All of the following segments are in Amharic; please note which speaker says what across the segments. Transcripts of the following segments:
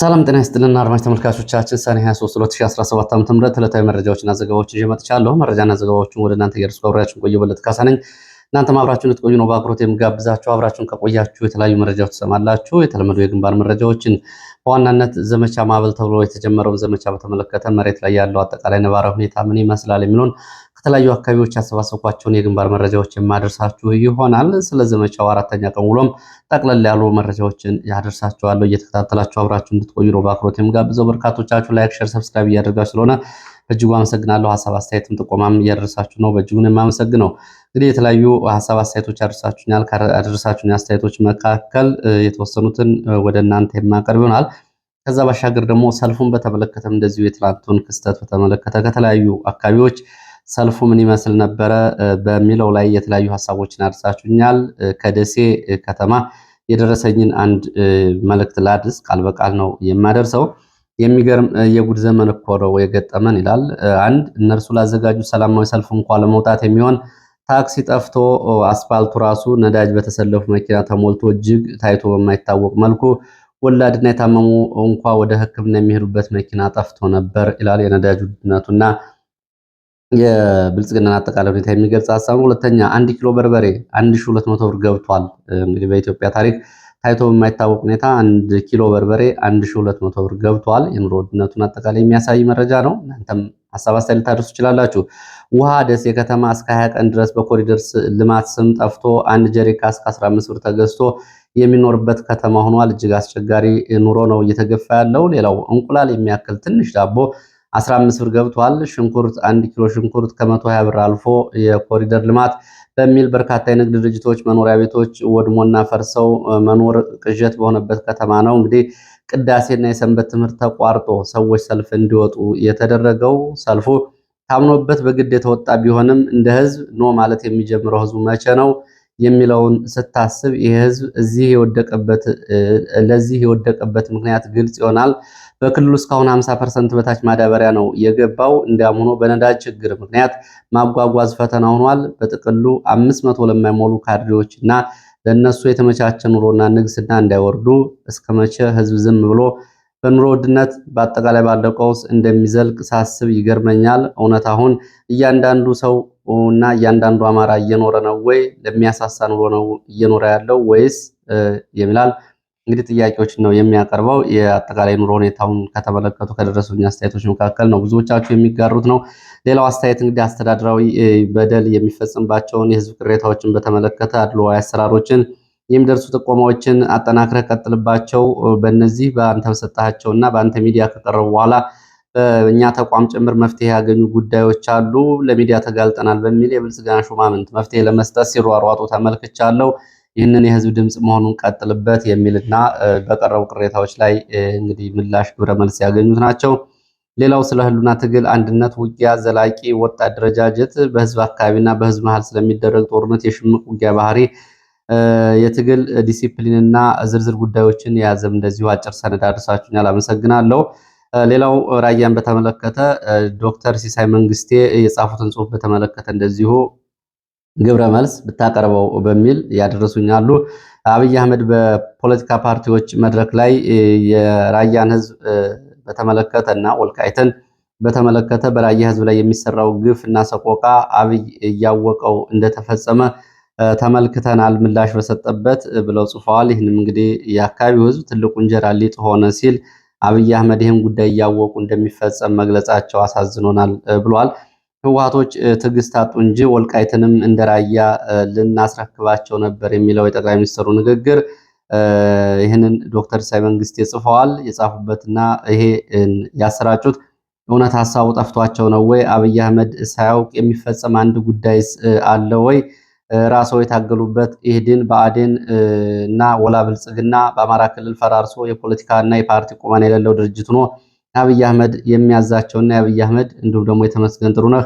Speaker 1: ሰላም ጤና ይስጥልና አድማጭ ተመልካቾቻችን ሰኔ 23 2017 ዓ.ም ዕለታዊ መረጃዎችና ዘገባዎችን ይዤ መጥቻለሁ። መረጃና ዘገባዎችን ወደ እናንተ እያደረስኩ አብሬያችሁን ቆዩ በለት ካሳ ነኝ። እናንተም አብራችሁን ልትቆዩ ነው በአክብሮት የምጋብዛችሁ። አብራችሁን ከቆያችሁ የተለያዩ መረጃዎች ትሰማላችሁ። የተለመዱ የግንባር መረጃዎችን በዋናነት ዘመቻ ማዕበል ተብሎ የተጀመረውን ዘመቻ በተመለከተ መሬት ላይ ያለው አጠቃላይ ነባራዊ ሁኔታ ምን ይመስላል የሚለውን ከተለያዩ አካባቢዎች ያሰባሰብኳቸውን የግንባር መረጃዎች የማደርሳችሁ ይሆናል። ስለ ዘመቻው አራተኛ ቀን ውሎም ጠቅለል ያሉ መረጃዎችን ያደርሳችኋለሁ። እየተከታተላችሁ አብራችሁ እንድትቆዩ ነው በአክብሮት የምጋብዘው። በርካቶቻችሁ ላይክ፣ ሸር፣ ሰብስክራይብ እያደርጋችሁ ስለሆነ በእጅጉ አመሰግናለሁ። ሀሳብ አስተያየትም ጥቆማም እያደረሳችሁ ነው፣ በእጅጉን የማመሰግነው። እንግዲህ የተለያዩ ሀሳብ አስተያየቶች አደርሳችሁኛል። ካደረሳችሁኝ አስተያየቶች መካከል የተወሰኑትን ወደ እናንተ የማቀርብ ይሆናል። ከዛ ባሻገር ደግሞ ሰልፉን በተመለከተም እንደዚሁ የትላንቱን ክስተት በተመለከተ ከተለያዩ አካባቢዎች ሰልፉ ምን ይመስል ነበረ በሚለው ላይ የተለያዩ ሀሳቦችን አድርሳችሁኛል። ከደሴ ከተማ የደረሰኝን አንድ መልእክት ላድርስ፣ ቃል በቃል ነው የማደርሰው። የሚገርም የጉድ ዘመን እኮ ነው የገጠመን ይላል። አንድ እነርሱ ላዘጋጁ ሰላማዊ ሰልፍ እንኳ ለመውጣት የሚሆን ታክሲ ጠፍቶ አስፋልቱ ራሱ ነዳጅ በተሰለፉ መኪና ተሞልቶ እጅግ ታይቶ በማይታወቅ መልኩ ወላድና የታመሙ እንኳ ወደ ሕክምና የሚሄዱበት መኪና ጠፍቶ ነበር ይላል የነዳጅ ውድነቱና የብልጽግናን አጠቃላይ ሁኔታ የሚገልጽ ሀሳብ ነው። ሁለተኛ አንድ ኪሎ በርበሬ አንድ ሁለት መቶ ብር ገብቷል። እንግዲህ በኢትዮጵያ ታሪክ ታይቶ በማይታወቅ ሁኔታ አንድ ኪሎ በርበሬ አንድ ሁለት መቶ ብር ገብቷል። የኑሮ ውድነቱን አጠቃላይ የሚያሳይ መረጃ ነው። እናንተም ሀሳብ አስተያየት ልታደርሱ ትችላላችሁ። ውሃ ደሴ ከተማ እስከ ሀያ ቀን ድረስ በኮሪደር ልማት ስም ጠፍቶ አንድ ጀሪካ እስከ አስራ አምስት ብር ተገዝቶ የሚኖርበት ከተማ ሆኗል። እጅግ አስቸጋሪ ኑሮ ነው እየተገፋ ያለው። ሌላው እንቁላል የሚያክል ትንሽ ዳቦ 15 ብር ገብቷል። ሽንኩርት አንድ ኪሎ ሽንኩርት ከ120 ብር አልፎ የኮሪደር ልማት በሚል በርካታ የንግድ ድርጅቶች መኖሪያ ቤቶች ወድሞና ፈርሰው መኖር ቅዠት በሆነበት ከተማ ነው እንግዲህ ቅዳሴና የሰንበት ትምህርት ተቋርጦ ሰዎች ሰልፍ እንዲወጡ የተደረገው። ሰልፉ ታምኖበት በግድ የተወጣ ቢሆንም እንደ ህዝብ ኖ ማለት የሚጀምረው ህዝቡ መቼ ነው የሚለውን ስታስብ ይህ ህዝብ እዚህ የወደቀበት ለዚህ የወደቀበት ምክንያት ግልጽ ይሆናል። በክልሉ እስካሁን 50 ፐርሰንት በታች ማዳበሪያ ነው የገባው። እንዲያም ሆኖ በነዳጅ ችግር ምክንያት ማጓጓዝ ፈተና ሆኗል። በጥቅሉ 500 ለማይሞሉ ካድሬዎች እና ለእነሱ የተመቻቸ ኑሮና ንግስና እንዳይወርዱ እስከ መቼ ህዝብ ዝም ብሎ በኑሮ ውድነት በአጠቃላይ ባለው ቀውስ እንደሚዘልቅ ሳስብ ይገርመኛል። እውነት አሁን እያንዳንዱ ሰው እና እያንዳንዱ አማራ እየኖረ ነው ወይ? ለሚያሳሳ ኑሮ ነው እየኖረ ያለው ወይስ የሚላል እንግዲህ ጥያቄዎችን ነው የሚያቀርበው። የአጠቃላይ ኑሮ ሁኔታውን ከተመለከቱ ከደረሱኝ አስተያየቶች መካከል ነው ብዙዎቻችሁ የሚጋሩት ነው። ሌላው አስተያየት እንግዲህ አስተዳደራዊ በደል የሚፈጽምባቸውን የህዝብ ቅሬታዎችን በተመለከተ አድሏዊ አሰራሮችን የሚደርሱ ጥቆማዎችን አጠናክረህ ቀጥልባቸው። በእነዚህ በአንተ በሰጣቸው እና በአንተ ሚዲያ ከቀረቡ በኋላ በእኛ ተቋም ጭምር መፍትሄ ያገኙ ጉዳዮች አሉ። ለሚዲያ ተጋልጠናል በሚል የብልጽግና ሹማምንት መፍትሄ ለመስጠት ሲሯሯጡ ተመልክቻለሁ። ይህንን የህዝብ ድምፅ መሆኑን ቀጥልበት የሚልና በቀረቡ ቅሬታዎች ላይ እንግዲህ ምላሽ ግብረ መልስ ያገኙት ናቸው። ሌላው ስለ ህሉና ትግል፣ አንድነት፣ ውጊያ፣ ዘላቂ ወጥ አደረጃጀት፣ በህዝብ አካባቢና በህዝብ መሀል ስለሚደረግ ጦርነት፣ የሽምቅ ውጊያ ባህሪ፣ የትግል ዲሲፕሊንና ዝርዝር ጉዳዮችን የያዘም እንደዚሁ አጭር ሰነድ አድርሳችሁኛል። አመሰግናለሁ። ሌላው ራያን በተመለከተ ዶክተር ሲሳይ መንግስቴ የጻፉትን ጽሁፍ በተመለከተ እንደዚሁ ግብረ መልስ ብታቀርበው በሚል ያደረሱኛሉ። አብይ አህመድ በፖለቲካ ፓርቲዎች መድረክ ላይ የራያን ህዝብ በተመለከተ እና ወልቃይትን በተመለከተ በራያ ህዝብ ላይ የሚሰራው ግፍ እና ሰቆቃ አብይ እያወቀው እንደተፈጸመ ተመልክተናል ምላሽ በሰጠበት ብለው ጽፈዋል። ይህንም እንግዲህ የአካባቢው ህዝብ ትልቁ እንጀራ ሊጥ ሆነ ሲል አብይ አህመድ ይህን ጉዳይ እያወቁ እንደሚፈጸም መግለጻቸው አሳዝኖናል ብሏል። ህወሓቶች ትዕግስት አጡ እንጂ ወልቃይትንም እንደራያ ልናስረክባቸው ነበር የሚለው የጠቅላይ ሚኒስትሩ ንግግር ይህንን ዶክተር ሳይ መንግስት ጽፈዋል። የጻፉበትና ይሄ ያሰራጩት እውነት ሀሳቡ ጠፍቷቸው ነው ወይ? አብይ አህመድ ሳያውቅ የሚፈጸም አንድ ጉዳይስ አለ ወይ? ራስዎ የታገሉበት ኢህድን በአዴን እና ወላ ብልጽግና በአማራ ክልል ፈራርሶ የፖለቲካ እና የፓርቲ ቁመና የሌለው ድርጅት ነው። አብይ አህመድ የሚያዛቸውና የአብይ አህመድ እንዲሁም ደግሞ የተመስገን ጥሩነህ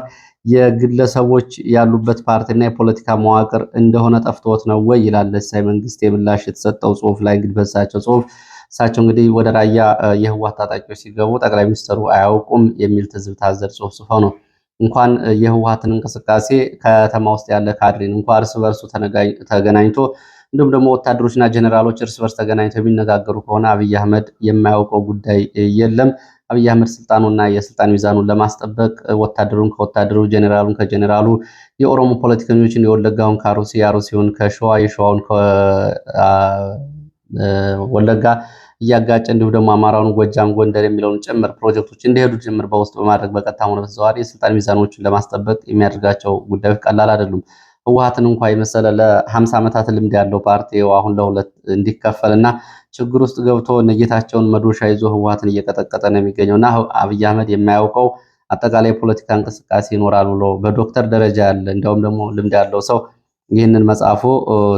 Speaker 1: የግለሰቦች ያሉበት ፓርቲና የፖለቲካ መዋቅር እንደሆነ ጠፍቶት ነው ወይ ይላል ለሲሳይ መንግስት የምላሽ የተሰጠው ጽሁፍ ላይ እንግዲህ በሳቸው ጽሁፍ እሳቸው እንግዲህ ወደ ራያ የህወሓት ታጣቂዎች ሲገቡ ጠቅላይ ሚኒስትሩ አያውቁም የሚል ትዝብት አዘል ጽሁፍ ጽፈው ነው። እንኳን የህወሓትን እንቅስቃሴ ከተማ ውስጥ ያለ ካድሬን እንኳ እርስ በርሱ ተገናኝቶ እንዲሁም ደግሞ ወታደሮችና ጀኔራሎች እርስ በርስ ተገናኝተው የሚነጋገሩ ከሆነ አብይ አህመድ የማያውቀው ጉዳይ የለም። አብይ አህመድ ስልጣኑና የስልጣን ሚዛኑን ለማስጠበቅ ወታደሩን ከወታደሩ ጀኔራሉን ከጀኔራሉ የኦሮሞ ፖለቲከኞችን የወለጋውን ከአሩሲ የአሩሲውን ከሸዋ የሸዋውን ከወለጋ እያጋጨ እንዲሁም ደግሞ አማራውን ጎጃም፣ ጎንደር የሚለውን ጭምር ፕሮጀክቶች እንደሄዱ ጭምር በውስጥ በማድረግ በቀጥታ ሆነ በተዘዋዋሪ የስልጣን ሚዛኖችን ለማስጠበቅ የሚያደርጋቸው ጉዳዮች ቀላል አይደሉም። ህወሀትን እንኳ የመሰለ ለሀምሳ ዓመታት ልምድ ያለው ፓርቲው አሁን ለሁለት እንዲከፈል እና ችግር ውስጥ ገብቶ ነጌታቸውን መዶሻ ይዞ ህወሀትን እየቀጠቀጠ ነው የሚገኘው እና አብይ አህመድ የማያውቀው አጠቃላይ የፖለቲካ እንቅስቃሴ ይኖራል ብሎ በዶክተር ደረጃ ያለ እንዲያውም ደግሞ ልምድ ያለው ሰው ይህንን መጽሐፉ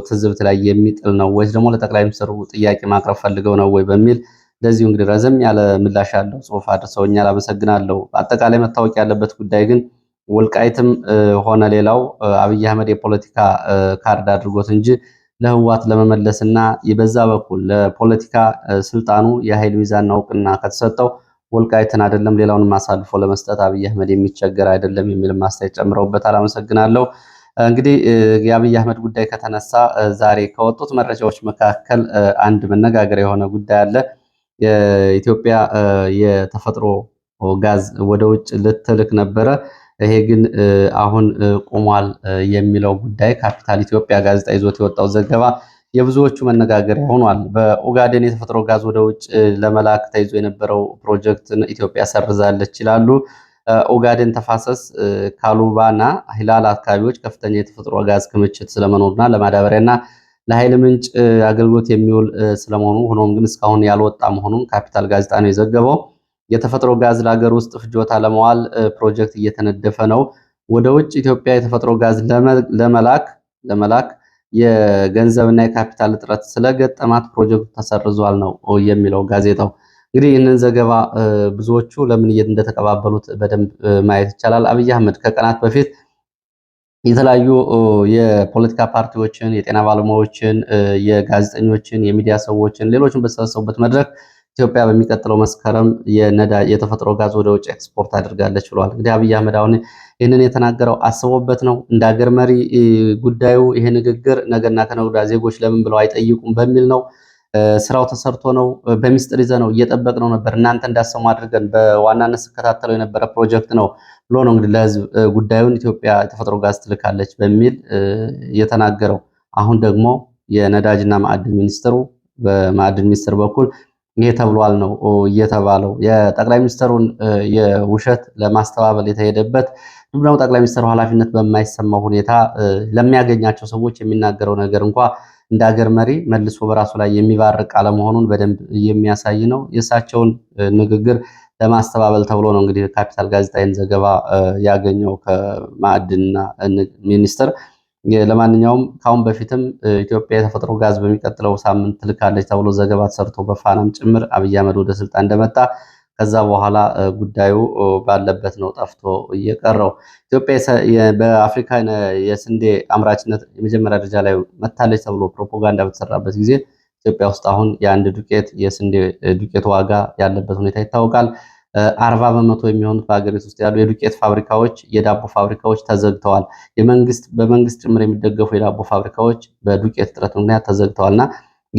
Speaker 1: ትዝብት ላይ የሚጥል ነው ወይስ ደግሞ ለጠቅላይ ሚኒስትሩ ጥያቄ ማቅረብ ፈልገው ነው ወይ በሚል ለዚሁ እንግዲህ ረዘም ያለ ምላሽ ያለው ጽሁፍ አድርሰውኛል። አመሰግናለሁ። አጠቃላይ መታወቂያ ያለበት ጉዳይ ግን ወልቃይትም ሆነ ሌላው አብይ አህመድ የፖለቲካ ካርድ አድርጎት እንጂ ለህዋት ለመመለስና በዛ በኩል ለፖለቲካ ስልጣኑ የኃይል ሚዛንና እውቅና ከተሰጠው ወልቃይትን አይደለም ሌላውንም አሳልፎ ለመስጠት አብይ አህመድ የሚቸገር አይደለም የሚል ማስተያየት ጨምረውበታል። አመሰግናለሁ። እንግዲህ የአብይ አህመድ ጉዳይ ከተነሳ ዛሬ ከወጡት መረጃዎች መካከል አንድ መነጋገር የሆነ ጉዳይ አለ። የኢትዮጵያ የተፈጥሮ ጋዝ ወደ ውጭ ልትልክ ነበረ። ይሄ ግን አሁን ቆሟል የሚለው ጉዳይ ካፒታል ኢትዮጵያ ጋዜጣ ይዞት የወጣው ዘገባ የብዙዎቹ መነጋገሪያ ሆኗል። በኦጋዴን የተፈጥሮ ጋዝ ወደ ውጭ ለመላክ ተይዞ የነበረው ፕሮጀክትን ኢትዮጵያ ሰርዛለች ይላሉ። ኦጋዴን ተፋሰስ ካሉባና ሂላል አካባቢዎች ከፍተኛ የተፈጥሮ ጋዝ ክምችት ስለመኖሩና ለማዳበሪያና ለኃይል ምንጭ አገልግሎት የሚውል ስለመሆኑ ሆኖም ግን እስካሁን ያልወጣ መሆኑን ካፒታል ጋዜጣ ነው የዘገበው። የተፈጥሮ ጋዝ ለሀገር ውስጥ ፍጆታ ለመዋል ፕሮጀክት እየተነደፈ ነው። ወደ ውጭ ኢትዮጵያ የተፈጥሮ ጋዝ ለመላክ ለመላክ የገንዘብና የካፒታል እጥረት ስለገጠማት ፕሮጀክቱ ተሰርዟል ነው የሚለው ጋዜጣው። እንግዲህ ይህንን ዘገባ ብዙዎቹ ለምን እንደተቀባበሉት በደንብ ማየት ይቻላል። አብይ አህመድ ከቀናት በፊት የተለያዩ የፖለቲካ ፓርቲዎችን፣ የጤና ባለሙያዎችን፣ የጋዜጠኞችን፣ የሚዲያ ሰዎችን ሌሎችን በተሰበሰቡበት መድረክ ኢትዮጵያ በሚቀጥለው መስከረም የተፈጥሮ ጋዝ ወደ ውጭ ኤክስፖርት አድርጋለች ብለዋል። እንግዲህ አብይ አህመድ አሁን ይህንን የተናገረው አስቦበት ነው። እንደ አገር መሪ ጉዳዩ ይሄ ንግግር ነገና ከነጉዳ ዜጎች ለምን ብለው አይጠይቁም በሚል ነው። ስራው ተሰርቶ ነው። በሚስጥር ይዘ ነው እየጠበቅ ነው ነበር እናንተ እንዳሰሙ አድርገን በዋናነት ስከታተለው የነበረ ፕሮጀክት ነው ብሎ ነው እንግዲህ ለህዝብ ጉዳዩን ኢትዮጵያ የተፈጥሮ ጋዝ ትልካለች በሚል የተናገረው። አሁን ደግሞ የነዳጅና ማዕድን ሚኒስትሩ በማዕድን ሚኒስትር በኩል ይሄ ተብሏል ነው እየተባለው የጠቅላይ ሚኒስትሩን የውሸት ለማስተባበል የተሄደበት እንዲሁም ደግሞ ጠቅላይ ሚኒስትሩ ኃላፊነት በማይሰማው ሁኔታ ለሚያገኛቸው ሰዎች የሚናገረው ነገር እንኳ እንደ አገር መሪ መልሶ በራሱ ላይ የሚባርቅ አለመሆኑን በደንብ የሚያሳይ ነው። የእሳቸውን ንግግር ለማስተባበል ተብሎ ነው እንግዲህ ካፒታል ጋዜጣ ይህን ዘገባ ያገኘው ከማዕድንና ሚኒስቴር ለማንኛውም ከአሁን በፊትም ኢትዮጵያ የተፈጥሮ ጋዝ በሚቀጥለው ሳምንት ትልካለች ተብሎ ዘገባ ተሰርቶ በፋናም ጭምር አብይ አህመድ ወደ ስልጣን እንደመጣ ከዛ በኋላ ጉዳዩ ባለበት ነው ጠፍቶ እየቀረው። ኢትዮጵያ በአፍሪካ የስንዴ አምራችነት የመጀመሪያ ደረጃ ላይ መታለች ተብሎ ፕሮፓጋንዳ በተሰራበት ጊዜ ኢትዮጵያ ውስጥ አሁን የአንድ ዱቄት የስንዴ ዱቄት ዋጋ ያለበት ሁኔታ ይታወቃል። አርባ በመቶ የሚሆኑት በሀገሪቱ ውስጥ ያሉ የዱቄት ፋብሪካዎች፣ የዳቦ ፋብሪካዎች ተዘግተዋል። የመንግስት በመንግስት ጭምር የሚደገፉ የዳቦ ፋብሪካዎች በዱቄት እጥረት ምክንያት ተዘግተዋልና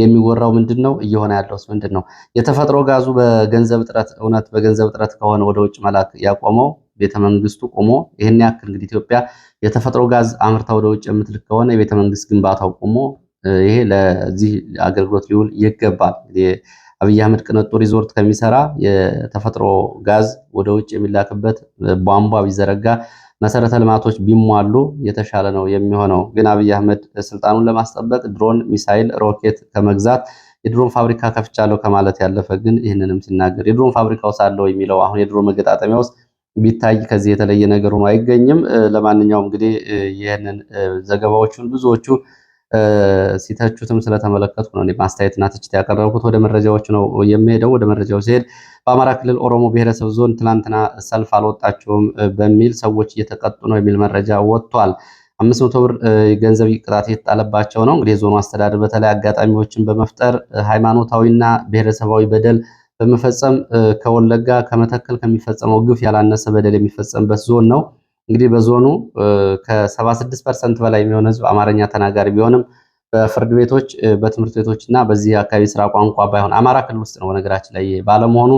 Speaker 1: የሚወራው ምንድን ነው? እየሆነ ያለውስ ምንድን ነው? የተፈጥሮ ጋዙ በገንዘብ እጥረት እውነት በገንዘብ እጥረት ከሆነ ወደ ውጭ መላክ ያቆመው ቤተመንግስቱ ቆሞ ይህን ያክል እንግዲህ ኢትዮጵያ የተፈጥሮ ጋዝ አምርታ ወደ ውጭ የምትልክ ከሆነ የቤተመንግስት ግንባታው ቆሞ ይሄ ለዚህ አገልግሎት ሊውል ይገባል። አብይ አህመድ ቅንጡ ሪዞርት ከሚሰራ የተፈጥሮ ጋዝ ወደ ውጭ የሚላክበት ቧንቧ ቢዘረጋ መሰረተ ልማቶች ቢሟሉ የተሻለ ነው የሚሆነው። ግን አብይ አህመድ ስልጣኑን ለማስጠበቅ ድሮን፣ ሚሳይል፣ ሮኬት ከመግዛት የድሮን ፋብሪካ ከፍቻለሁ ከማለት ያለፈ ግን ይህንንም ሲናገር የድሮን ፋብሪካ ውስጥ አለው የሚለው አሁን የድሮን መገጣጠሚያ ውስጥ ቢታይ ከዚህ የተለየ ነገር ሆኖ አይገኝም። ለማንኛውም እንግዲህ ይህንን ዘገባዎቹን ብዙዎቹ ሲተቹትም ስለተመለከቱ ነው ማስተያየትና ትችት ያቀረብኩት። ወደ መረጃዎች ነው የሚሄደው። ወደ መረጃው ሲሄድ በአማራ ክልል ኦሮሞ ብሔረሰብ ዞን ትናንትና ሰልፍ አልወጣችሁም በሚል ሰዎች እየተቀጡ ነው የሚል መረጃ ወጥቷል። አምስት መቶ ብር ገንዘብ ቅጣት የተጣለባቸው ነው። እንግዲህ የዞኑ አስተዳደር በተለይ አጋጣሚዎችን በመፍጠር ሃይማኖታዊና ብሔረሰባዊ በደል በመፈጸም ከወለጋ ከመተከል ከሚፈጸመው ግፍ ያላነሰ በደል የሚፈጸምበት ዞን ነው። እንግዲህ በዞኑ ከ76 ፐርሰንት በላይ የሚሆን ህዝብ አማርኛ ተናጋሪ ቢሆንም በፍርድ ቤቶች፣ በትምህርት ቤቶች እና በዚህ አካባቢ ስራ ቋንቋ ባይሆን አማራ ክልል ውስጥ ነው በነገራችን ላይ ባለመሆኑ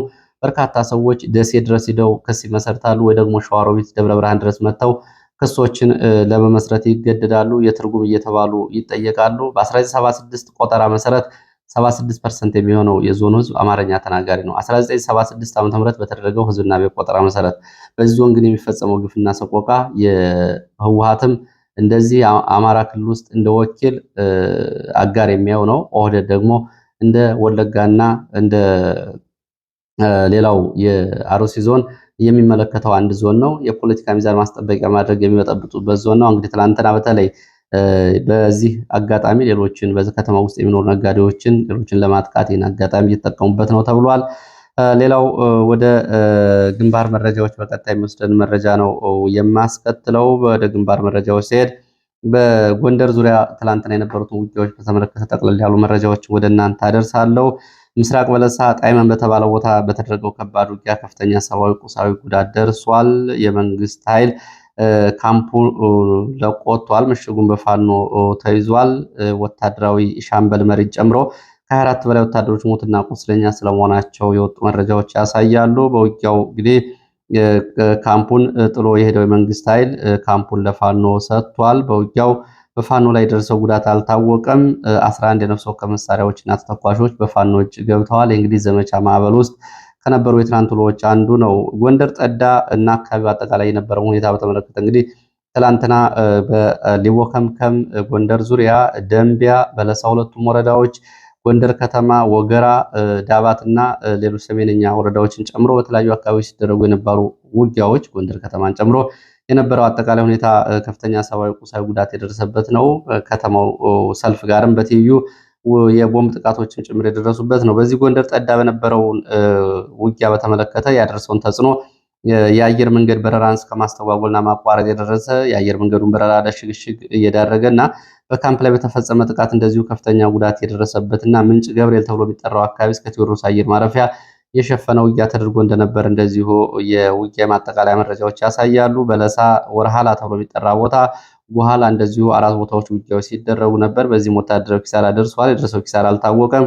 Speaker 1: በርካታ ሰዎች ደሴ ድረስ ሂደው ክስ ይመሰርታሉ ወይ ደግሞ ሸዋሮቢት ደብረ ብርሃን ድረስ መጥተው ክሶችን ለመመስረት ይገደዳሉ። የትርጉም እየተባሉ ይጠየቃሉ። በ1976 ቆጠራ መሰረት 76 ፐርሰንት የሚሆነው የዞኑ ህዝብ አማርኛ ተናጋሪ ነው። 1976 ዓ.ም በተደረገው ህዝብና ቤት ቆጠራ መሰረት በዚህ ዞን ግን የሚፈጸመው ግፍና ሰቆቃ የህወሀትም እንደዚህ አማራ ክልል ውስጥ እንደ ወኪል አጋር የሚያው ነው። ኦህደድ ደግሞ እንደ ወለጋና እንደ ሌላው የአሮሲ ዞን የሚመለከተው አንድ ዞን ነው። የፖለቲካ ሚዛን ማስጠበቂያ ማድረግ የሚበጠብጡበት ዞን ነው። እንግዲህ ትላንትና በተለይ በዚህ አጋጣሚ ሌሎችን በዚህ ከተማ ውስጥ የሚኖሩ ነጋዴዎችን ሌሎችን ለማጥቃት ይህን አጋጣሚ እየተጠቀሙበት ነው ተብሏል። ሌላው ወደ ግንባር መረጃዎች በቀጣይ የሚወስደን መረጃ ነው የማስከትለው። ወደ ግንባር መረጃዎች ሲሄድ በጎንደር ዙሪያ ትላንትና የነበሩትን ውጊያዎች በተመለከተ ጠቅለል ያሉ መረጃዎችን ወደ እናንተ አደርሳለሁ። ምስራቅ በለሳ ጣይመን በተባለ ቦታ በተደረገው ከባድ ውጊያ ከፍተኛ ሰብአዊ፣ ቁሳዊ ጉዳት ደርሷል። የመንግስት ኃይል ካምፑ ለቆ ወጥቷል። ምሽጉን በፋኖ ተይዟል። ወታደራዊ ሻምበል መሪን ጨምሮ ከ24 በላይ ወታደሮች ሞትና ቁስለኛ ስለመሆናቸው የወጡ መረጃዎች ያሳያሉ። በውጊያው እንግዲህ ካምፑን ጥሎ የሄደው የመንግስት ኃይል ካምፑን ለፋኖ ሰጥቷል። በውጊያው በፋኖ ላይ የደረሰው ጉዳት አልታወቀም። 11 የነፍስ ወከፍ መሳሪያዎችና ተተኳሾች በፋኖ እጅ ገብተዋል። የእንግዲህ ዘመቻ ማዕበል ውስጥ ከነበሩ የትናንት ውሎዎች አንዱ ነው። ጎንደር ጠዳ እና አካባቢ አጠቃላይ የነበረውን ሁኔታ በተመለከተ እንግዲህ ትላንትና በሊቦ ከምከም፣ ጎንደር ዙሪያ፣ ደንቢያ፣ በለሳ ሁለቱም ወረዳዎች፣ ጎንደር ከተማ፣ ወገራ፣ ዳባት እና ሌሎች ሰሜነኛ ወረዳዎችን ጨምሮ በተለያዩ አካባቢዎች ሲደረጉ የነበሩ ውጊያዎች ጎንደር ከተማን ጨምሮ የነበረው አጠቃላይ ሁኔታ ከፍተኛ ሰብአዊ፣ ቁሳዊ ጉዳት የደረሰበት ነው። ከተማው ሰልፍ ጋርም በትይዩ የቦምብ ጥቃቶችን ጭምር የደረሱበት ነው። በዚህ ጎንደር ጠዳ በነበረው ውጊያ በተመለከተ ያደረሰውን ተጽዕኖ የአየር መንገድ በረራን እስከ ማስተጓጎልና ማቋረጥ የደረሰ የአየር መንገዱን በረራ ለሽግሽግ እየዳረገ እና በካምፕ ላይ በተፈጸመ ጥቃት እንደዚሁ ከፍተኛ ጉዳት የደረሰበትና ምንጭ ገብርኤል ተብሎ የሚጠራው አካባቢ እስከ ቴዎድሮስ አየር ማረፊያ የሸፈነ ውጊያ ተደርጎ እንደነበር እንደዚሁ የውጊያ ማጠቃለያ መረጃዎች ያሳያሉ። በለሳ ወርሃላ ተብሎ የሚጠራ ቦታ በኋላ እንደዚሁ አራት ቦታዎች ውጊያው ሲደረጉ ነበር። በዚህም ወታደራዊ ኪሳራ ደርሷል። የደረሰው ኪሳራ አልታወቀም።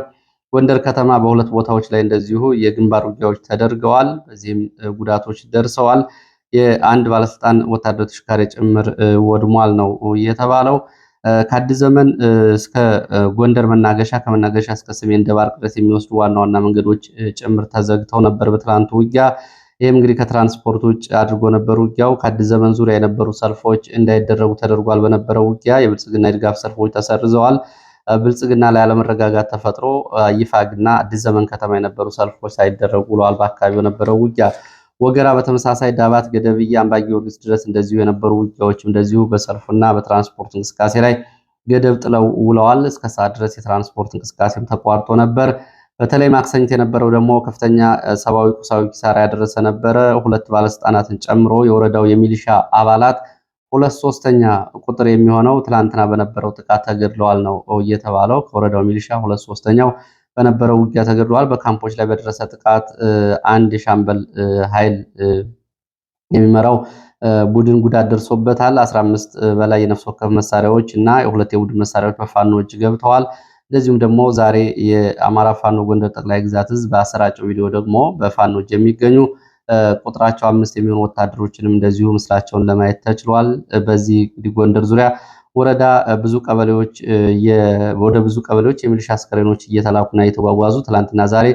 Speaker 1: ጎንደር ከተማ በሁለት ቦታዎች ላይ እንደዚሁ የግንባር ውጊያዎች ተደርገዋል። በዚህም ጉዳቶች ደርሰዋል። የአንድ ባለስልጣን ወታደር ተሽካሪ ጭምር ወድሟል ነው የተባለው። ከአዲስ ዘመን እስከ ጎንደር መናገሻ፣ ከመናገሻ እስከ ሰሜን ደባርቅ ድረስ የሚወስዱ ዋና ዋና መንገዶች ጭምር ተዘግተው ነበር በትላንቱ ውጊያ። ይህም እንግዲህ ከትራንስፖርት ውጭ አድርጎ ነበር ውጊያው። ከአዲስ ዘመን ዙሪያ የነበሩ ሰልፎች እንዳይደረጉ ተደርጓል። በነበረው ውጊያ የብልጽግና የድጋፍ ሰልፎች ተሰርዘዋል። ብልጽግና ላይ አለመረጋጋት ተፈጥሮ ይፋግና አዲስ ዘመን ከተማ የነበሩ ሰልፎች ሳይደረጉ ውለዋል። በአካባቢው የነበረው ውጊያ ወገራ፣ በተመሳሳይ ዳባት፣ ገደብያ፣ አምባ ጊዮርጊስ ድረስ እንደዚሁ የነበሩ ውጊያዎች እንደዚሁ በሰልፉና በትራንስፖርት እንቅስቃሴ ላይ ገደብ ጥለው ውለዋል። እስከ ሰዓት ድረስ የትራንስፖርት እንቅስቃሴም ተቋርጦ ነበር። በተለይ ማክሰኝት የነበረው ደግሞ ከፍተኛ ሰብአዊ፣ ቁሳዊ ኪሳራ ያደረሰ ነበረ። ሁለት ባለስልጣናትን ጨምሮ የወረዳው የሚሊሻ አባላት ሁለት ሶስተኛ ቁጥር የሚሆነው ትላንትና በነበረው ጥቃት ተገድለዋል ነው እየተባለው። ከወረዳው ሚሊሻ ሁለት ሶስተኛው በነበረው ውጊያ ተገድለዋል። በካምፖች ላይ በደረሰ ጥቃት አንድ የሻምበል ኃይል የሚመራው ቡድን ጉዳት ደርሶበታል። አስራ አምስት በላይ የነፍስ ወከፍ መሳሪያዎች እና የሁለት የቡድን መሳሪያዎች በፋኖ እጅ ገብተዋል። እንደዚሁም ደግሞ ዛሬ የአማራ ፋኖ ጎንደር ጠቅላይ ግዛት ህዝብ በአሰራጨው ቪዲዮ ደግሞ በፋኖች የሚገኙ ቁጥራቸው አምስት የሚሆኑ ወታደሮችንም እንደዚሁ ምስላቸውን ለማየት ተችሏል። በዚህ ጎንደር ዙሪያ ወረዳ ብዙ ቀበሌዎች ወደ ብዙ ቀበሌዎች የሚሊሻ አስከሬኖች እየተላኩና እየተጓጓዙ ትላንትና ዛሬ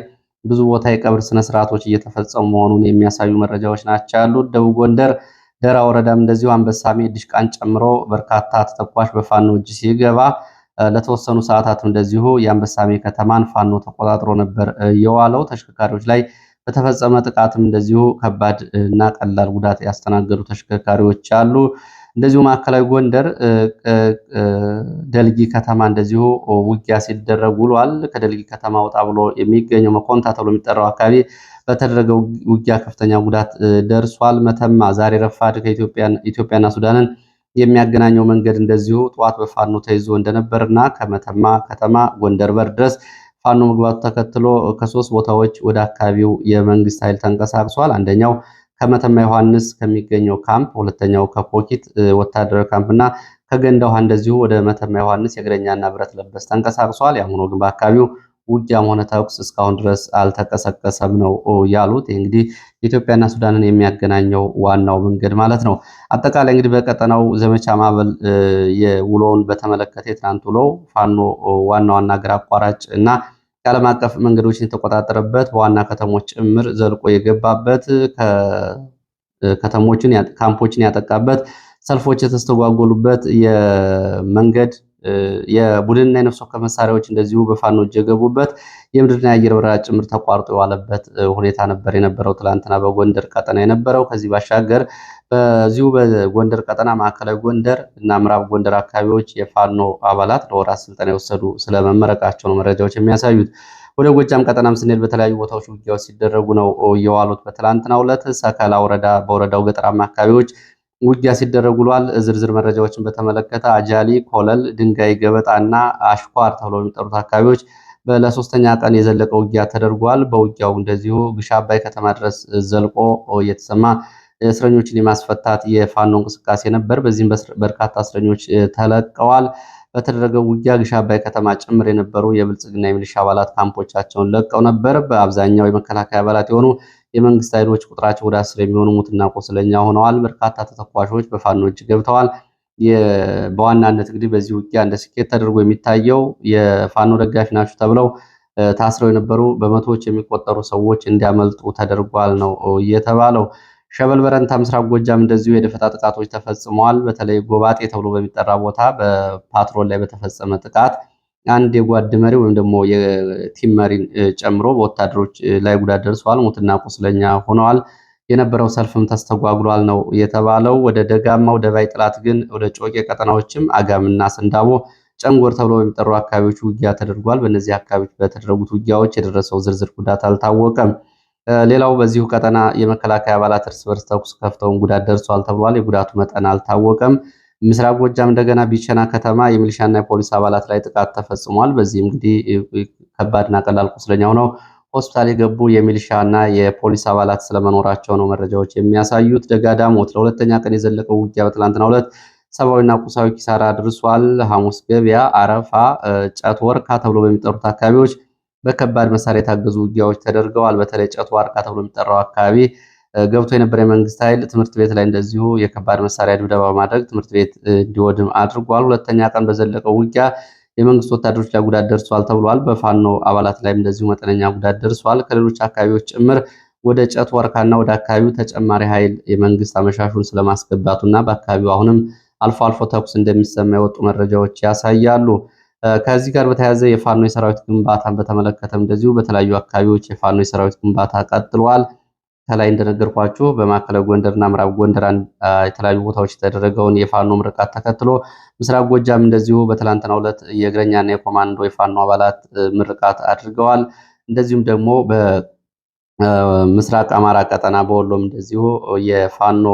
Speaker 1: ብዙ ቦታ የቀብር ስነስርዓቶች እየተፈጸሙ መሆኑን የሚያሳዩ መረጃዎች ናቸው ያሉት። ደቡብ ጎንደር ደራ ወረዳም እንደዚሁ አንበሳሜ ድሽቃን ጨምሮ በርካታ ተተኳሽ በፋኖ እጅ ሲገባ ለተወሰኑ ሰዓታት እንደዚሁ የአንበሳሜ ከተማን ፋኖ ተቆጣጥሮ ነበር የዋለው። ተሽከርካሪዎች ላይ በተፈጸመ ጥቃትም እንደዚሁ ከባድ እና ቀላል ጉዳት ያስተናገዱ ተሽከርካሪዎች አሉ። እንደዚሁ ማዕከላዊ ጎንደር ደልጊ ከተማ እንደዚሁ ውጊያ ሲደረግ ውሏል። ከደልጊ ከተማ ወጣ ብሎ የሚገኘው መኮንታ ተብሎ የሚጠራው አካባቢ በተደረገ ውጊያ ከፍተኛ ጉዳት ደርሷል። መተማ ዛሬ ረፋድ ከኢትዮጵያና ሱዳንን የሚያገናኘው መንገድ እንደዚሁ ጠዋት በፋኖ ተይዞ እንደነበርና ከመተማ ከተማ ጎንደር በር ድረስ ፋኖ መግባቱ ተከትሎ ከሶስት ቦታዎች ወደ አካባቢው የመንግስት ኃይል ተንቀሳቅሷል። አንደኛው ከመተማ ዮሐንስ ከሚገኘው ካምፕ፣ ሁለተኛው ከፖኪት ወታደራዊ ካምፕ እና ከገንዳ ውሃ እንደዚሁ ወደ መተማ ዮሐንስ የእግረኛና ብረት ለበስ ተንቀሳቅሷል። ያም ሆኖ ግን በአካባቢው ውጊያም ሆነ ተኩስ እስካሁን ድረስ አልተቀሰቀሰም ነው ያሉት። እንግዲህ ኢትዮጵያና ሱዳንን የሚያገናኘው ዋናው መንገድ ማለት ነው። አጠቃላይ እንግዲህ በቀጠናው ዘመቻ ማዕበል የውሎውን በተመለከተ የትናንት ውሎ ፋኖ ዋና ዋና ሀገር አቋራጭ እና የዓለም አቀፍ መንገዶችን የተቆጣጠረበት በዋና ከተሞች ጭምር ዘልቆ የገባበት ከተሞችን ካምፖችን ያጠቃበት ሰልፎች የተስተጓጎሉበት የመንገድ የቡድንና የነፍስ ወከፍ መሳሪያዎች እንደዚሁ በፋኖ የገቡበት የምድርና የአየር በረራ ጭምር ተቋርጦ የዋለበት ሁኔታ ነበር የነበረው ትላንትና በጎንደር ቀጠና የነበረው። ከዚህ ባሻገር በዚሁ በጎንደር ቀጠና ማዕከላዊ ጎንደር እና ምዕራብ ጎንደር አካባቢዎች የፋኖ አባላት ለወራት ስልጠና የወሰዱ ስለመመረቃቸው ነው መረጃዎች የሚያሳዩት። ወደ ጎጃም ቀጠናም ስንሄድ በተለያዩ ቦታዎች ውጊያዎች ሲደረጉ ነው የዋሉት። በትላንትናው ዕለት ሰከላ ወረዳ በወረዳው ገጠራማ አካባቢዎች ውጊያ ሲደረግ ውሏል። ዝርዝር መረጃዎችን በተመለከተ አጃሊ፣ ኮለል፣ ድንጋይ ገበጣ እና አሽኳር ተብለው የሚጠሩት አካባቢዎች ለሶስተኛ ቀን የዘለቀ ውጊያ ተደርጓል። በውጊያው እንደዚሁ ግሻ አባይ ከተማ ድረስ ዘልቆ እየተሰማ እስረኞችን የማስፈታት የፋኖ እንቅስቃሴ ነበር። በዚህም በርካታ እስረኞች ተለቀዋል። በተደረገው ውጊያ ግሽ አባይ ከተማ ጭምር የነበሩ የብልጽግና የሚሊሻ አባላት ካምፖቻቸውን ለቀው ነበር። በአብዛኛው የመከላከያ አባላት የሆኑ የመንግስት ኃይሎች ቁጥራቸው ወደ አስር የሚሆኑ ሙትና ቆስለኛ ሆነዋል። በርካታ ተተኳሾች በፋኖች ገብተዋል። በዋናነት እንግዲህ በዚህ ውጊያ እንደ ስኬት ተደርጎ የሚታየው የፋኖ ደጋፊ ናቸው ተብለው ታስረው የነበሩ በመቶዎች የሚቆጠሩ ሰዎች እንዲያመልጡ ተደርጓል ነው እየተባለው ሸበል በረንታ፣ ምስራቅ ጎጃም እንደዚሁ የደፈጣ ጥቃቶች ተፈጽመዋል። በተለይ ጎባጤ ተብሎ በሚጠራ ቦታ በፓትሮል ላይ በተፈጸመ ጥቃት አንድ የጓድ መሪ ወይም ደግሞ የቲም መሪን ጨምሮ በወታደሮች ላይ ጉዳት ደርሰዋል። ሞትና ቁስለኛ ሆነዋል። የነበረው ሰልፍም ተስተጓጉሏል ነው የተባለው። ወደ ደጋማው ደባይ ጥላት ግን ወደ ጮቄ ቀጠናዎችም አጋምና ስንዳቦ ጨንጎር ተብሎ በሚጠሩ አካባቢዎች ውጊያ ተደርጓል። በእነዚህ አካባቢዎች በተደረጉት ውጊያዎች የደረሰው ዝርዝር ጉዳት አልታወቀም። ሌላው በዚሁ ቀጠና የመከላከያ አባላት እርስ በርስ ተኩስ ከፍተውን ጉዳት ደርሷል ተብሏል። የጉዳቱ መጠን አልታወቀም። ምስራቅ ጎጃም እንደገና ቢቸና ከተማ የሚሊሻና የፖሊስ አባላት ላይ ጥቃት ተፈጽሟል። በዚህ እንግዲህ ከባድና ቀላል ቁስለኛ ሆነው ሆስፒታል የገቡ የሚሊሻና የፖሊስ አባላት ስለመኖራቸው ነው መረጃዎች የሚያሳዩት። ደጋ ለሁለተኛ ቀን የዘለቀው ውጊያ በትላንትናው ዕለት ሰብአዊና ቁሳዊ ኪሳራ አድርሷል። ሐሙስ ገበያ፣ አረፋ፣ ጨት ወርካ ተብሎ በሚጠሩት አካባቢዎች በከባድ መሳሪያ የታገዙ ውጊያዎች ተደርገዋል። በተለይ ጨቱ ዋርካ ተብሎ የሚጠራው አካባቢ ገብቶ የነበረ የመንግስት ኃይል ትምህርት ቤት ላይ እንደዚሁ የከባድ መሳሪያ ድብደባ በማድረግ ትምህርት ቤት እንዲወድም አድርጓል። ሁለተኛ ቀን በዘለቀው ውጊያ የመንግስት ወታደሮች ላይ ጉዳት ደርሷል ተብሏል። በፋኖ አባላት ላይም እንደዚሁ መጠነኛ ጉዳት ደርሷል። ከሌሎች አካባቢዎች ጭምር ወደ ጨት ወርካና ወደ አካባቢው ተጨማሪ ኃይል የመንግስት አመሻሹን ስለማስገባቱና በአካባቢው አሁንም አልፎ አልፎ ተኩስ እንደሚሰማ የወጡ መረጃዎች ያሳያሉ። ከዚህ ጋር በተያያዘ የፋኖ የሰራዊት ግንባታን በተመለከተም እንደዚሁ በተለያዩ አካባቢዎች የፋኖ የሰራዊት ግንባታ ቀጥሏል። ከላይ እንደነገርኳችሁ በማዕከላዊ ጎንደርና ምዕራብ ጎንደር የተለያዩ ቦታዎች የተደረገውን የፋኖ ምርቃት ተከትሎ ምስራቅ ጎጃም እንደዚሁ በትላንትናው ዕለት የእግረኛና የኮማንዶ የፋኖ አባላት ምርቃት አድርገዋል። እንደዚሁም ደግሞ በምስራቅ አማራ ቀጠና በወሎም እንደዚሁ የፋኖ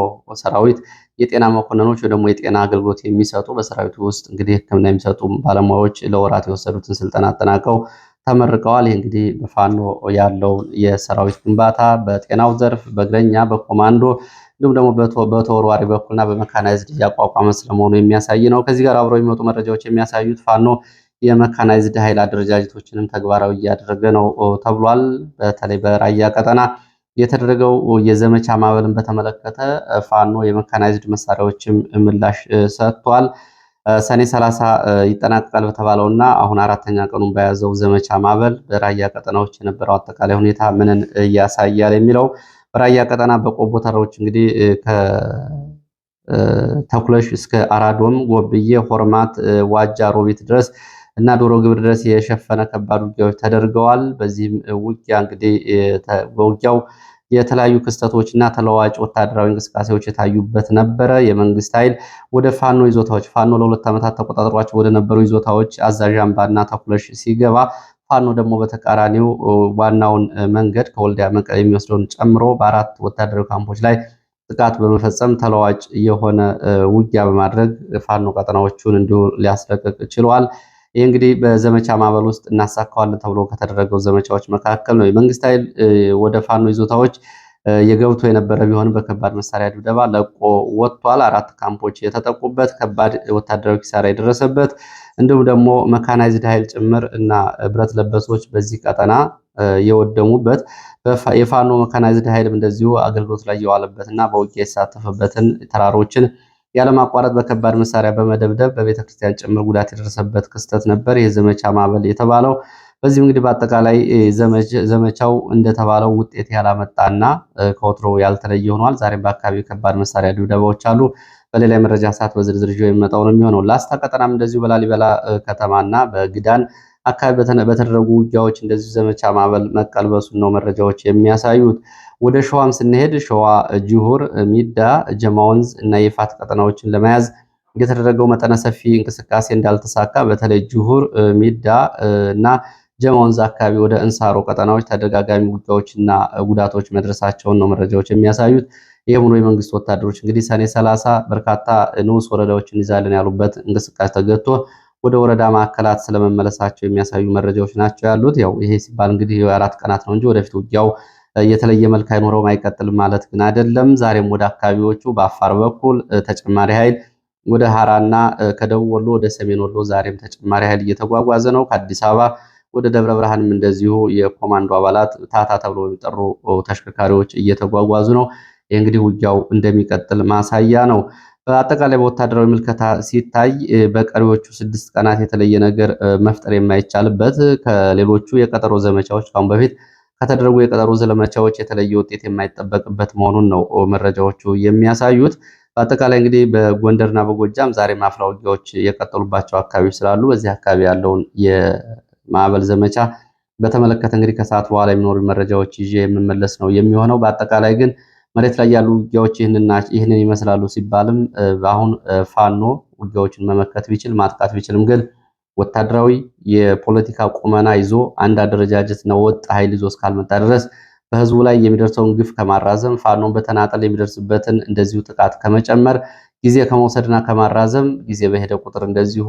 Speaker 1: ሰራዊት የጤና መኮንኖች ወይ ደግሞ የጤና አገልግሎት የሚሰጡ በሰራዊቱ ውስጥ እንግዲህ ሕክምና የሚሰጡ ባለሙያዎች ለወራት የወሰዱትን ስልጠና አጠናቀው ተመርቀዋል። ይህ እንግዲህ በፋኖ ያለው የሰራዊት ግንባታ በጤናው ዘርፍ በእግረኛ በኮማንዶ እንዲሁም ደግሞ በተወርዋሪ በኩልና በመካናይዝድ እያቋቋመ ስለመሆኑ የሚያሳይ ነው። ከዚህ ጋር አብረው የሚመጡ መረጃዎች የሚያሳዩት ፋኖ የመካናይዝድ ኃይል አደረጃጀቶችንም ተግባራዊ እያደረገ ነው ተብሏል። በተለይ በራያ ቀጠና የተደረገው የዘመቻ ማዕበልን በተመለከተ ፋኖ የመካናይዝድ መሳሪያዎችም ምላሽ ሰጥቷል። ሰኔ 30 ይጠናቀቃል በተባለው እና አሁን አራተኛ ቀኑን በያዘው ዘመቻ ማዕበል በራያ ቀጠናዎች የነበረው አጠቃላይ ሁኔታ ምንን እያሳያል የሚለው በራያ ቀጠና በቆቦ ተራሮች እንግዲህ ከተኩለሽ እስከ አራዶም፣ ጎብዬ፣ ሆርማት፣ ዋጃ፣ ሮቢት ድረስ እና ዶሮ ግብር ድረስ የሸፈነ ከባድ ውጊያዎች ተደርገዋል። በዚህም ውጊያ እንግዲህ በውጊያው የተለያዩ ክስተቶች እና ተለዋጭ ወታደራዊ እንቅስቃሴዎች የታዩበት ነበረ። የመንግስት ኃይል ወደ ፋኖ ይዞታዎች ፋኖ ለሁለት ዓመታት ተቆጣጥሯቸው ወደ ነበሩ ይዞታዎች አዛዥ እና ተኩለሽ ሲገባ ፋኖ ደግሞ በተቃራኒው ዋናውን መንገድ ከወልዲያ መቀ የሚወስደውን ጨምሮ በአራት ወታደራዊ ካምፖች ላይ ጥቃት በመፈጸም ተለዋጭ የሆነ ውጊያ በማድረግ ፋኖ ቀጠናዎቹን እንዲሁ ሊያስለቅቅ ችሏል። ይህ እንግዲህ በዘመቻ ማዕበል ውስጥ እናሳካዋለን ተብሎ ከተደረገው ዘመቻዎች መካከል ነው። የመንግስት ኃይል ወደ ፋኖ ይዞታዎች የገብቶ የነበረ ቢሆንም በከባድ መሳሪያ ድብደባ ለቆ ወጥቷል። አራት ካምፖች የተጠቁበት ከባድ ወታደራዊ ኪሳራ የደረሰበት እንዲሁም ደግሞ መካናይዝድ ኃይል ጭምር እና ብረት ለበሶች በዚህ ቀጠና የወደሙበት የፋኖ መካናይዝድ ኃይልም እንደዚሁ አገልግሎት ላይ የዋለበት እና በውጊያ የተሳተፈበትን ተራሮችን ያለማቋረጥ በከባድ መሳሪያ በመደብደብ በቤተ ክርስቲያን ጭምር ጉዳት የደረሰበት ክስተት ነበር። ይህ ዘመቻ ማዕበል የተባለው በዚህም እንግዲህ በአጠቃላይ ዘመቻው እንደተባለው ውጤት ያላመጣና ከወትሮ ያልተለየ ሆኗል። ዛሬም በአካባቢ ከባድ መሳሪያ ድብደባዎች አሉ። በሌላ የመረጃ ሰዓት በዝርዝር ይዤ የሚመጣው ነው የሚሆነው። ላስታ ቀጠናም እንደዚሁ በላሊበላ ከተማና በግዳን አካባቢ በተደረጉ ውጊያዎች እንደዚሁ ዘመቻ ማዕበል መቀልበሱን ነው መረጃዎች የሚያሳዩት። ወደ ሸዋም ስንሄድ ሸዋ፣ ጅሁር፣ ሚዳ፣ ጀማ ወንዝ እና የፋት ቀጠናዎችን ለመያዝ የተደረገው መጠነ ሰፊ እንቅስቃሴ እንዳልተሳካ በተለይ ጅሁር፣ ሚዳ እና ጀማ ወንዝ አካባቢ ወደ እንሳሮ ቀጠናዎች ተደጋጋሚ እና ጉዳቶች መድረሳቸውን ነው መረጃዎች የሚያሳዩት። ይህም ሆኖ የመንግስት ወታደሮች እንግዲህ ሰኔ ሰላሳ በርካታ ንዑስ ወረዳዎችን ይዛለን ያሉበት እንቅስቃሴ ተገቶ ወደ ወረዳ ማዕከላት ስለመመለሳቸው የሚያሳዩ መረጃዎች ናቸው ያሉት። ያው ይሄ ሲባል እንግዲህ የአራት ቀናት ነው እንጂ ወደፊት ውጊያው የተለየ መልክ አይኖረውም አይቀጥልም ማለት ግን አይደለም። ዛሬም ወደ አካባቢዎቹ በአፋር በኩል ተጨማሪ ኃይል ወደ ሀራና ከደቡብ ወሎ ወደ ሰሜን ወሎ ዛሬም ተጨማሪ ኃይል እየተጓጓዘ ነው። ከአዲስ አበባ ወደ ደብረ ብርሃንም እንደዚሁ የኮማንዶ አባላት ታታ ተብሎ የሚጠሩ ተሽከርካሪዎች እየተጓጓዙ ነው። ይህ እንግዲህ ውጊያው እንደሚቀጥል ማሳያ ነው። በአጠቃላይ በወታደራዊ ምልከታ ሲታይ በቀሪዎቹ ስድስት ቀናት የተለየ ነገር መፍጠር የማይቻልበት ከሌሎቹ የቀጠሮ ዘመቻዎች ካሁን በፊት ከተደረጉ የቀጠሮ ዘለመቻዎች የተለየ ውጤት የማይጠበቅበት መሆኑን ነው መረጃዎቹ የሚያሳዩት። በአጠቃላይ እንግዲህ በጎንደርና በጎጃም ዛሬ ማፍላ ውጊያዎች የቀጠሉባቸው አካባቢዎች ስላሉ በዚህ አካባቢ ያለውን የማዕበል ዘመቻ በተመለከተ እንግዲህ ከሰዓት በኋላ የሚኖሩ መረጃዎች ይዤ የምመለስ ነው የሚሆነው። በአጠቃላይ ግን መሬት ላይ ያሉ ውጊያዎች ይህንን ይመስላሉ ሲባልም አሁን ፋኖ ውጊያዎችን መመከት ቢችል ማጥቃት ቢችልም ግን ወታደራዊ የፖለቲካ ቁመና ይዞ አንድ አደረጃጀትና ወጥ ኃይል ይዞ እስካልመጣ ድረስ በህዝቡ ላይ የሚደርሰውን ግፍ ከማራዘም ፋኖን በተናጠል የሚደርስበትን እንደዚሁ ጥቃት ከመጨመር ጊዜ ከመውሰድና ከማራዘም ጊዜ በሄደ ቁጥር እንደዚሁ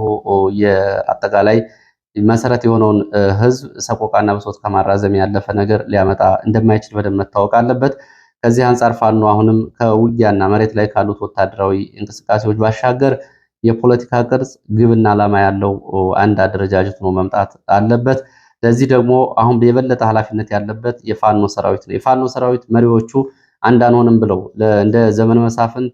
Speaker 1: የአጠቃላይ መሰረት የሆነውን ህዝብ ሰቆቃና ብሶት ከማራዘም ያለፈ ነገር ሊያመጣ እንደማይችል በደንብ መታወቅ አለበት። ከዚህ አንጻር ፋኖ አሁንም ከውጊያና መሬት ላይ ካሉት ወታደራዊ እንቅስቃሴዎች ባሻገር የፖለቲካ ቅርጽ፣ ግብና ዓላማ ያለው አንድ አደረጃጀት ነው መምጣት አለበት። ለዚህ ደግሞ አሁን የበለጠ ኃላፊነት ያለበት የፋኖ ሰራዊት ነው። የፋኖ ሰራዊት መሪዎቹ አንድ አንሆንም ብለው እንደ ዘመን መሳፍንት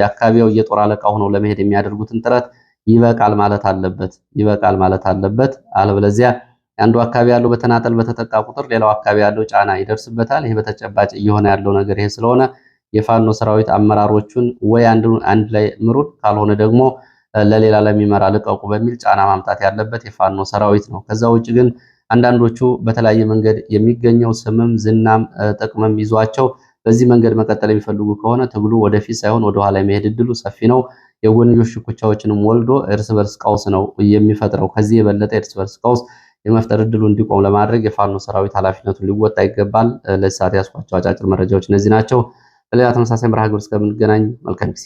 Speaker 1: የአካባቢው የጦር አለቃ ሆነው ለመሄድ የሚያደርጉትን ጥረት ይበቃል ማለት አለበት። ይበቃል ማለት አለበት። አለበለዚያ አንዱ አካባቢ ያለው በተናጠል በተጠቃ ቁጥር ሌላው አካባቢ ያለው ጫና ይደርስበታል። ይሄ በተጨባጭ እየሆነ ያለው ነገር ይሄ ስለሆነ የፋኖ ሰራዊት አመራሮቹን ወይ አንድ ላይ ምሩን፣ ካልሆነ ደግሞ ለሌላ ለሚመራ ልቀቁ በሚል ጫና ማምጣት ያለበት የፋኖ ሰራዊት ነው። ከዛ ውጭ ግን አንዳንዶቹ በተለያየ መንገድ የሚገኘው ስምም ዝናም ጥቅምም ይዟቸው በዚህ መንገድ መቀጠል የሚፈልጉ ከሆነ ትግሉ ወደፊት ሳይሆን ወደኋላ የመሄድ እድሉ ሰፊ ነው። የጎንዮሽ ሽኩቻዎችንም ወልዶ እርስ በርስ ቀውስ ነው የሚፈጥረው። ከዚህ የበለጠ እርስ በርስ ቀውስ የመፍጠር እድሉ እንዲቆም ለማድረግ የፋኖ ሰራዊት ኃላፊነቱን ሊወጣ ይገባል። ለሰዓት ያስኳቸው አጫጭር መረጃዎች እነዚህ ናቸው። በሌላ ተመሳሳይ መርሃ ግብር እስከምንገናኝ መልካም ጊዜ